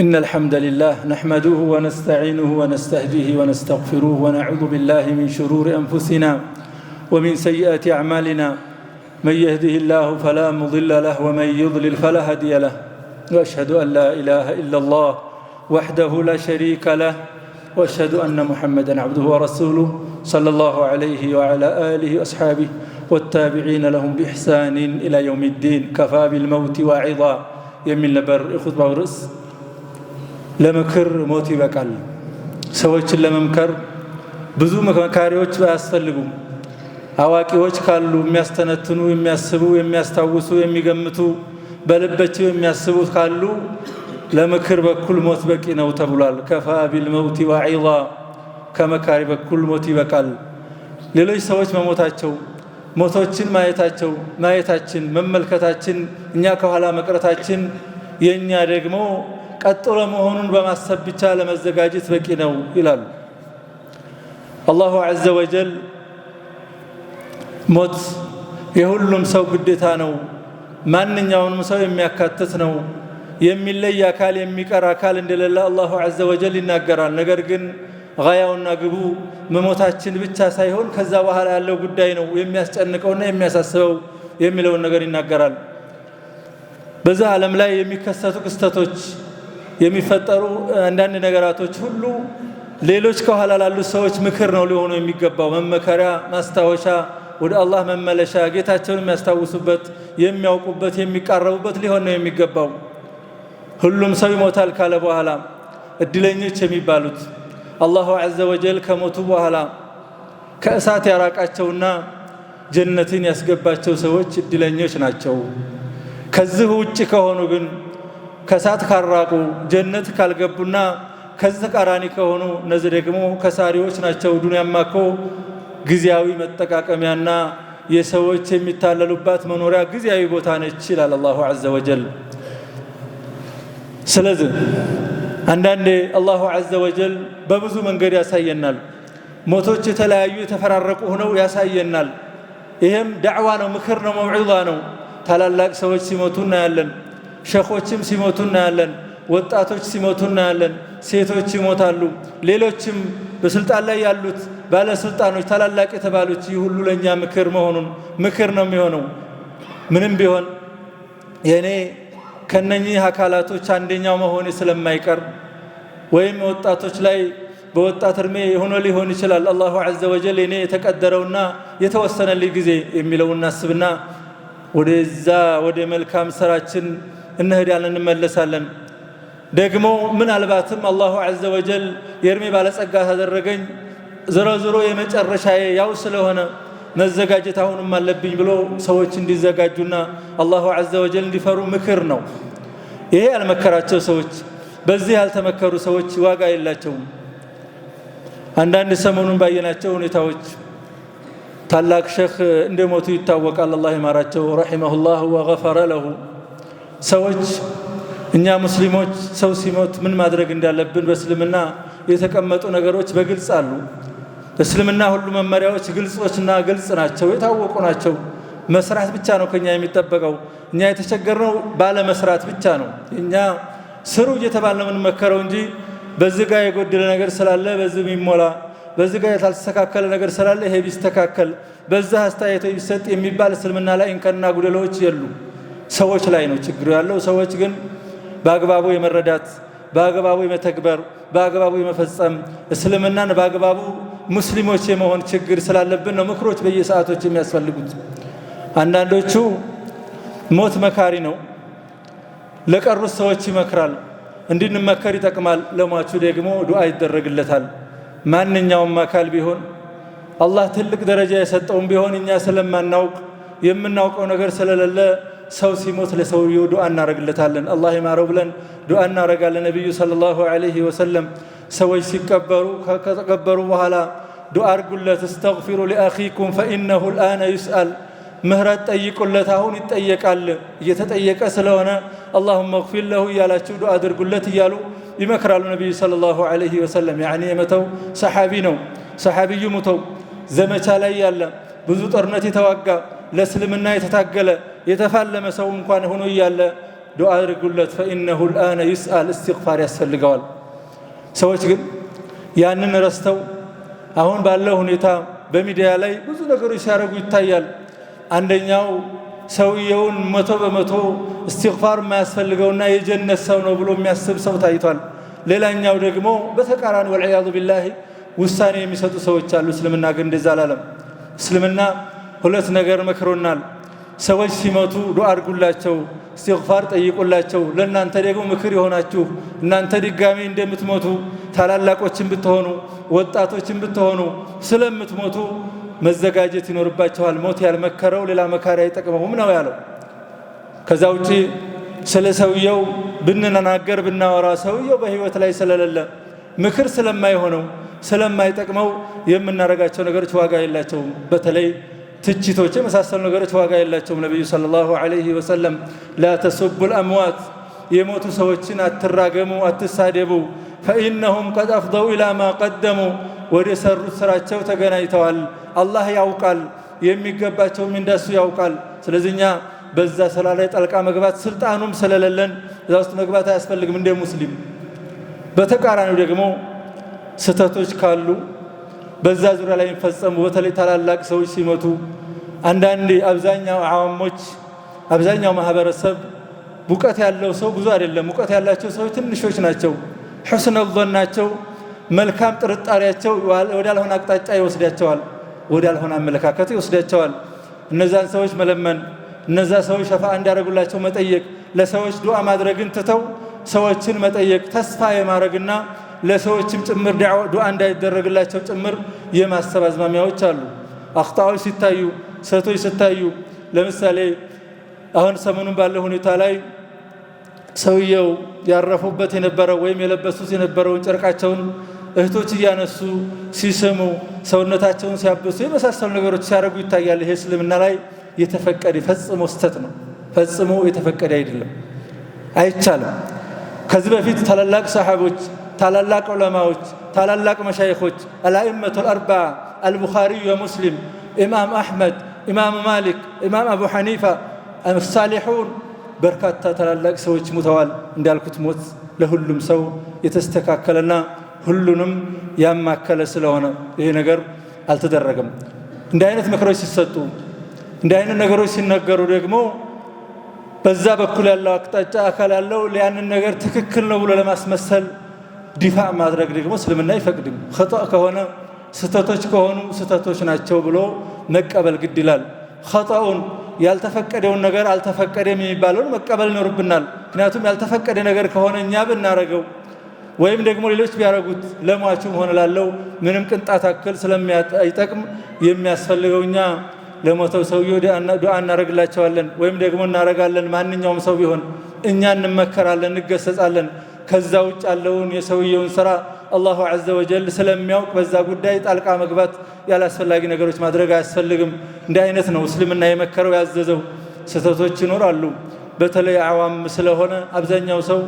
إن الحمد لله نحمده ونستعينه ونستهديه ونستغفره ونعوذ بالله من شرور أنفسنا ومن سيئات أعمالنا من يهده الله فلا مضل له ومن يضلل فلا هادي له وأشهد أن لا إله إلا الله وحده لا شريك له وأشهد أن محمدا عبده ورسوله صلى الله عليه وعلى آله وأصحابه والتابعين لهم بإحسان إلى يوم الدين كفى بالموت واعظا يمن لبر خطبة ورس ለምክር ሞት ይበቃል። ሰዎችን ለመምከር ብዙ መካሪዎች አያስፈልጉም። አዋቂዎች ካሉ የሚያስተነትኑ፣ የሚያስቡ፣ የሚያስታውሱ፣ የሚገምቱ በልባቸው የሚያስቡ ካሉ ለምክር በኩል ሞት በቂ ነው ተብሏል። ከፋ ቢልመውቲ ዋዒዛ ከመካሪ በኩል ሞት ይበቃል። ሌሎች ሰዎች መሞታቸው፣ ሞቶችን ማየታቸው፣ ማየታችን፣ መመልከታችን፣ እኛ ከኋላ መቅረታችን የእኛ ደግሞ ቀጥሎ መሆኑን በማሰብ ብቻ ለመዘጋጀት በቂ ነው ይላሉ። አላሁ ዐዘ ወጀል ሞት የሁሉም ሰው ግዴታ ነው፣ ማንኛውንም ሰው የሚያካትት ነው። የሚለይ አካል የሚቀር አካል እንደሌለ አላሁ ዐዘ ወጀል ይናገራል። ነገር ግን ጋያውና ግቡ መሞታችን ብቻ ሳይሆን ከዛ በኋላ ያለው ጉዳይ ነው የሚያስጨንቀውና የሚያሳስበው የሚለውን ነገር ይናገራል። በዚህ ዓለም ላይ የሚከሰቱ ክስተቶች የሚፈጠሩ አንዳንድ ነገራቶች ሁሉ ሌሎች ከኋላ ላሉ ሰዎች ምክር ነው ሊሆኑ የሚገባው፣ መመከሪያ፣ ማስታወሻ፣ ወደ አላህ መመለሻ፣ ጌታቸውን የሚያስታውሱበት፣ የሚያውቁበት፣ የሚቃረቡበት ሊሆን ነው የሚገባው። ሁሉም ሰው ይሞታል ካለ በኋላ እድለኞች የሚባሉት አላሁ ዐዘ ወጀል ከሞቱ በኋላ ከእሳት ያራቃቸውና ጀነትን ያስገባቸው ሰዎች እድለኞች ናቸው። ከዚህ ውጭ ከሆኑ ግን ከእሳት ካራቁ ጀነት ካልገቡና ከዚህ ተቃራኒ ከሆኑ እነዚህ ደግሞ ከሳሪዎች ናቸው። ዱንያማ እኮ ጊዜያዊ መጠቃቀሚያና የሰዎች የሚታለሉባት መኖሪያ ጊዜያዊ ቦታ ነች ይላል አላሁ ዐዘ ወጀል። ስለዚህ አንዳንዴ አላሁ ዐዘ ወጀል በብዙ መንገድ ያሳየናል። ሞቶች የተለያዩ የተፈራረቁ ሆነው ያሳየናል። ይህም ዳዕዋ ነው፣ ምክር ነው፣ መውዒዛ ነው። ታላላቅ ሰዎች ሲሞቱ እናያለን። ሸኾችም ሲሞቱ እናያለን። ወጣቶች ሲሞቱ እናያለን። ሴቶች ይሞታሉ። ሌሎችም በስልጣን ላይ ያሉት ባለስልጣኖች፣ ታላላቅ የተባሉት ይህ ሁሉ ለእኛ ምክር መሆኑን ምክር ነው የሚሆነው። ምንም ቢሆን የእኔ ከነኚህ አካላቶች አንደኛው መሆኔ ስለማይቀር ወይም ወጣቶች ላይ በወጣት እድሜ ሆኖ ሊሆን ይችላል። አላሁ ዐዘ ወጀል እኔ የተቀደረውና የተወሰነልኝ ጊዜ የሚለውናስብና እናስብና ወደዛ ወደ መልካም ስራችን እንሄዳለን፣ እንመለሳለን። ደግሞ ምናልባትም አላሁ ዐዘ ወጀል የእድሜ ባለጸጋ ታደረገኝ ዝሮ ዝሮ የመጨረሻዬ ያው ስለሆነ መዘጋጀት አሁንም አለብኝ ብሎ ሰዎች እንዲዘጋጁና አላሁ ዐዘ ወጀል እንዲፈሩ ምክር ነው። ይሄ ያልመከራቸው ሰዎች፣ በዚህ ያልተመከሩ ሰዎች ዋጋ የላቸውም። አንዳንድ ሰሞኑን ባየናቸው ሁኔታዎች ታላቅ ሸህ እንደሞቱ ይታወቃል። አላህ ይማራቸው ረሒመሁላህ ወገፈረ ለሁ ሰዎች እኛ ሙስሊሞች ሰው ሲሞት ምን ማድረግ እንዳለብን በእስልምና የተቀመጡ ነገሮች በግልጽ አሉ። እስልምና ሁሉ መመሪያዎች ግልጾችና ግልጽ ናቸው፣ የታወቁ ናቸው። መስራት ብቻ ነው ከኛ የሚጠበቀው። እኛ የተቸገርነው ባለመስራት ብቻ ነው። እኛ ስሩ እየተባለ የምንመከረው እንጂ በዚህ ጋር የጎደለ ነገር ስላለ በዚህ የሚሞላ በዚህ ጋር ያልተስተካከለ ነገር ስላለ ይሄ ቢስተካከል፣ በዛ አስተያየቶ ቢሰጥ የሚባል እስልምና ላይ እንከና ጉደሎች የሉ። ሰዎች ላይ ነው ችግሩ ያለው። ሰዎች ግን በአግባቡ የመረዳት በአግባቡ የመተግበር በአግባቡ የመፈጸም እስልምናን በአግባቡ ሙስሊሞች የመሆን ችግር ስላለብን ነው ምክሮች በየሰዓቶች የሚያስፈልጉት። አንዳንዶቹ ሞት መካሪ ነው፣ ለቀሩት ሰዎች ይመክራል። እንድንመከር ይጠቅማል። ለሟቹ ደግሞ ዱዓ ይደረግለታል። ማንኛውም አካል ቢሆን አላህ ትልቅ ደረጃ የሰጠውም ቢሆን እኛ ስለማናውቅ የምናውቀው ነገር ስለሌለ ሰው ሲሞት ለሰውየው ዱዓ እናደርግለታለን። አላህ ይማረው ብለን ዱዓ እናደርጋለን። ነቢዩ ሰለላሁ ዐለይሂ ወሰለም ሰዎች ሲቀበሩ ከተቀበሩ በኋላ ዱዓ አድርጉለት። እስተግፊሩ ሊአኺኩም ፈኢነሁ ልአነ ዩስአል ምህረት ጠይቁለት፣ አሁን ይጠየቃል። እየተጠየቀ ስለሆነ አላሁመ ግፊር ለሁ እያላችሁ ዱዓ አድርጉለት እያሉ ይመክራሉ ነቢዩ ሰለላሁ ዐለይሂ ወሰለም። ያኒ የመተው ሰሓቢ ነው። ሰሓቢዩ ሙተው ዘመቻ ላይ ያለ ብዙ ጦርነት የተዋጋ ለእስልምና የተታገለ የተፋለመ ሰው እንኳን ሆኖ እያለ ዱዓ አድርጉለት። ፈኢነሁ ልአነ ይስአል እስትግፋር ያስፈልገዋል። ሰዎች ግን ያንን ረስተው አሁን ባለው ሁኔታ በሚዲያ ላይ ብዙ ነገሮች ሲያደርጉ ይታያል። አንደኛው ሰውየውን መቶ በመቶ እስትግፋር የማያስፈልገውና የጀነት ሰው ነው ብሎ የሚያስብ ሰው ታይቷል። ሌላኛው ደግሞ በተቃራኒ ወልዕያዙ ቢላሂ ውሳኔ የሚሰጡ ሰዎች አሉ። እስልምና ግን እንደዛ አላለም። እስልምና ሁለት ነገር መክሮናል። ሰዎች ሲመቱ ዱዓ አድርጉላቸው፣ እስትግፋር ጠይቁላቸው። ለእናንተ ደግሞ ምክር የሆናችሁ እናንተ ድጋሜ እንደምትሞቱ ታላላቆችን ብትሆኑ ወጣቶችን ብትሆኑ ስለምትሞቱ መዘጋጀት ይኖርባቸዋል ሞት ያልመከረው ሌላ መካሪ አይጠቅመውም ነው ያለው። ከዛ ውጪ ስለ ሰውየው ብንናገር ብናወራ ሰውየው በህይወት ላይ ስለሌለ ምክር ስለማይሆነው ስለማይጠቅመው የምናደርጋቸው ነገሮች ዋጋ የላቸውም። በተለይ ትችቶች የመሳሰሉ ነገሮች ዋጋ የላቸውም። ነቢዩ ሰለላሁ ዐለይሂ ወሰለም ላ አምዋት የሞቱ ሰዎችን አትራገሙ፣ አትሳደቡ ፈኢነሁም ቀድ አፍደው ኢላ ማ ቀደሙ ወደ ሰሩት ስራቸው ተገናኝተዋል። አላህ ያውቃል፣ የሚገባቸውም እንደሱ ያውቃል። ስለዚህ እኛ በዛ ስራ ላይ ጠልቃ መግባት ስልጣኑም ስለሌለን እዛ ውስጥ መግባት አያስፈልግም እንደ ሙስሊም። በተቃራኒው ደግሞ ስህተቶች ካሉ በዛ ዙሪያ ላይ የሚፈጸሙ በተለይ ታላላቅ ሰዎች ሲመቱ አንዳንዴ አብዛኛው አዋሞች አብዛኛው ማህበረሰብ ቡቀት ያለው ሰው ብዙ አይደለም። ቡቀት ያላቸው ሰዎች ትንሾች ናቸው። ሑስነ ዞናቸው መልካም ጥርጣሬያቸው ወዳልሆነ አቅጣጫ ይወስዳቸዋል፣ ወዳልሆነ አመለካከት ይወስዳቸዋል። እነዛን ሰዎች መለመን፣ እነዛ ሰዎች ሸፋ እንዲያደርጉላቸው መጠየቅ፣ ለሰዎች ዱዓ ማድረግን ትተው ሰዎችን መጠየቅ ተስፋ የማድረግና ለሰዎችም ጭምር ዱዓ እንዳይደረግላቸው ጭምር የማሰብ አዝማሚያዎች አሉ። አክጣዎች ሲታዩ፣ ስህተቶች ሲታዩ፣ ለምሳሌ አሁን ሰሞኑን ባለው ሁኔታ ላይ ሰውየው ያረፉበት የነበረው ወይም የለበሱት የነበረውን ጨርቃቸውን እህቶች እያነሱ ሲስሙ፣ ሰውነታቸውን ሲያብሱ፣ የመሳሰሉ ነገሮች ሲያደርጉ ይታያል። ይሄ እስልምና ላይ የተፈቀደ ፈጽሞ ስተት ነው። ፈጽሞ የተፈቀደ አይደለም፣ አይቻልም። ከዚህ በፊት ታላላቅ ሰሓቦች ታላላቅ ዑለማዎች፣ ታላላቅ መሻይኾች አልአእመቱ አልአርባዓ አልቡኻሪዩ ወሙስሊም፣ ኢማም አሕመድ፣ ኢማም ማሊክ፣ ኢማም አቡ ሐኒፋ፣ ሳሊሑን በርካታ ታላላቅ ሰዎች ሙተዋል። እንዳልኩት ሞት ለሁሉም ሰው የተስተካከለና ሁሉንም ያማከለ ስለሆነ ይሄ ነገር አልተደረገም። እንዲህ አይነት ምክሮች ሲሰጡ እንዲህ አይነት ነገሮች ሲነገሩ ደግሞ በዛ በኩል ያለው አቅጣጫ አካል ያለው ያንን ነገር ትክክል ነው ብሎ ለማስመሰል ዲፋ ማድረግ ደግሞ እስልምና አይፈቅድም። ኸጣ ከሆነ ስህተቶች ከሆኑ ስህተቶች ናቸው ብሎ መቀበል ግድ ይላል። ኸጣውን ያልተፈቀደውን ነገር አልተፈቀደም የሚባለውን መቀበል ይኖርብናል። ምክንያቱም ያልተፈቀደ ነገር ከሆነ እኛ ብናረገው ወይም ደግሞ ሌሎች ቢያረጉት ለሟቹም ሆነ ላለው ምንም ቅንጣት አክል ስለማይጠቅም የሚያስፈልገው እኛ ለሞተው ሰውዬው ዱዓ እናደርግላቸዋለን ወይም ደግሞ እናረጋለን። ማንኛውም ሰው ቢሆን እኛ እንመከራለን፣ እንገሰጻለን። ከዛ ውጭ ያለውን የሰውየውን ስራ አላሁ ዐዘ ወጀል ስለሚያውቅ በዛ ጉዳይ ጣልቃ መግባት ያላስፈላጊ ነገሮች ማድረግ አያስፈልግም። እንዲህ አይነት ነው እስልምና የመከረው ያዘዘው። ስህተቶች ይኖራሉ። በተለይ አዋም ስለሆነ አብዛኛው ሰው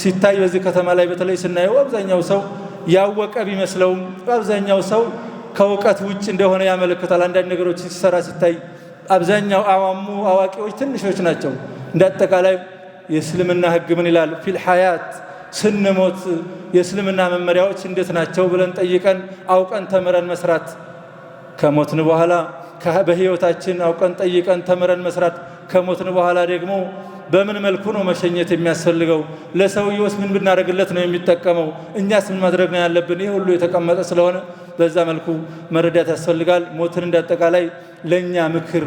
ሲታይ በዚህ ከተማ ላይ በተለይ ስናየው አብዛኛው ሰው ያወቀ ቢመስለውም አብዛኛው ሰው ከእውቀት ውጭ እንደሆነ ያመለክታል። አንዳንድ ነገሮች ሲሰራ ሲታይ አብዛኛው አዋሙ አዋቂዎች ትንሾች ናቸው። እንደ አጠቃላይ የእስልምና ህግ ምን ይላል? ፊል ስንሞት የእስልምና መመሪያዎች እንዴት ናቸው ብለን ጠይቀን አውቀን ተምረን መስራት ከሞትን በኋላ በህይወታችን አውቀን ጠይቀን ተምረን መስራት ከሞትን በኋላ ደግሞ በምን መልኩ ነው መሸኘት የሚያስፈልገው? ለሰውየውስ ምን ብናደርግለት ነው የሚጠቀመው? እኛስ ምን ማድረግ ነው ያለብን? ይህ ሁሉ የተቀመጠ ስለሆነ በዛ መልኩ መረዳት ያስፈልጋል። ሞትን እንዳጠቃላይ ለእኛ ምክር፣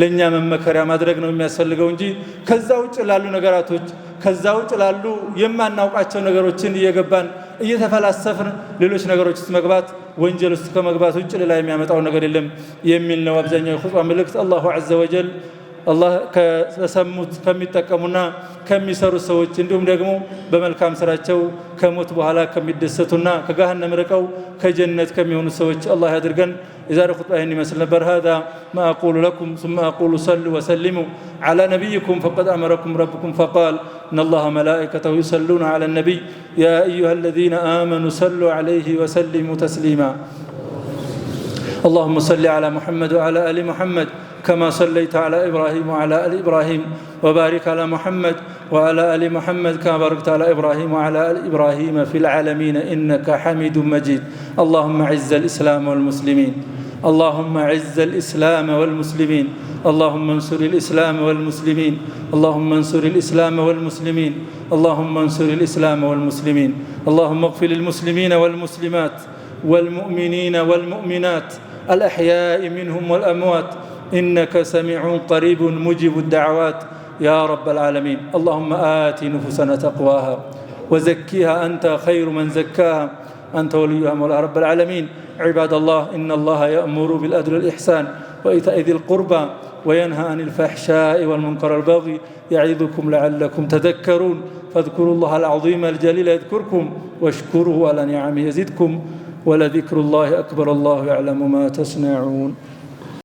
ለእኛ መመከሪያ ማድረግ ነው የሚያስፈልገው እንጂ ከዛ ውጭ ላሉ ነገራቶች ከዛ ውጭ ላሉ የማናውቃቸው ነገሮችን እየገባን እየተፈላሰፍን ሌሎች ነገሮች ውስጥ መግባት ወንጀል ውስጥ ከመግባት ውጭ ሌላ የሚያመጣው ነገር የለም የሚል ነው አብዛኛው የኹጥባ መልእክት። አላሁ ዐዘ ወጀል አላህ ከሰሙት ከሚጠቀሙና ከሚሰሩ ሰዎች እንዲሁም ደግሞ በመልካም ስራቸው ከሞት በኋላ ከሚደሰቱና ከገሃነም ርቀው ከጀነት ከሚሆኑ ሰዎች አላህ ያድርገን። የዛሬ ኹጥባ ይህን ይመስል ነበር። ሃዛ ማ አቁሉ ለኩም ሱመ አቁሉ ሰሉ ወሰሊሙ ዓላ ነቢይኩም ፈቀድ አመረኩም ረብኩም ፈቃል إن الله ملائكته يصلون على النبي يا أيها الذين آمنوا صلوا عليه وسلموا تسليما اللهم صل على محمد وعلى ال محمد كما صليت على ابراهيم وعلى ال ابراهيم وبارك على محمد وعلى ال محمد كما باركت على ابراهيم وعلى ال ابراهيم في العالمين انك حميد مجيد اللهم عز الاسلام والمسلمين اللهم عز الاسلام والمسلمين اللهم انصر الاسلام والمسلمين اللهم انصر الاسلام والمسلمين اللهم انصر الاسلام والمسلمين اللهم اغفر للمسلمين والمسلمات والمؤمنين والمؤمنات الأحياء منهم والأموات إنك سميع قريب مجيب الدعوات يا رب العالمين اللهم آت نفوسنا تقواها وزكيها أنت خير من زكاها أنت وليها مولاها رب العالمين عباد الله إن الله يأمر بالأدل والإحسان وإيتاء ذي القربى وينهى عن الفحشاء والمنكر والبغي يعظكم لعلكم تذكرون فاذكروا الله العظيم الجليل يذكركم واشكروه على نعمه يزدكم ولذكر الله أكبر الله يعلم ما تصنعون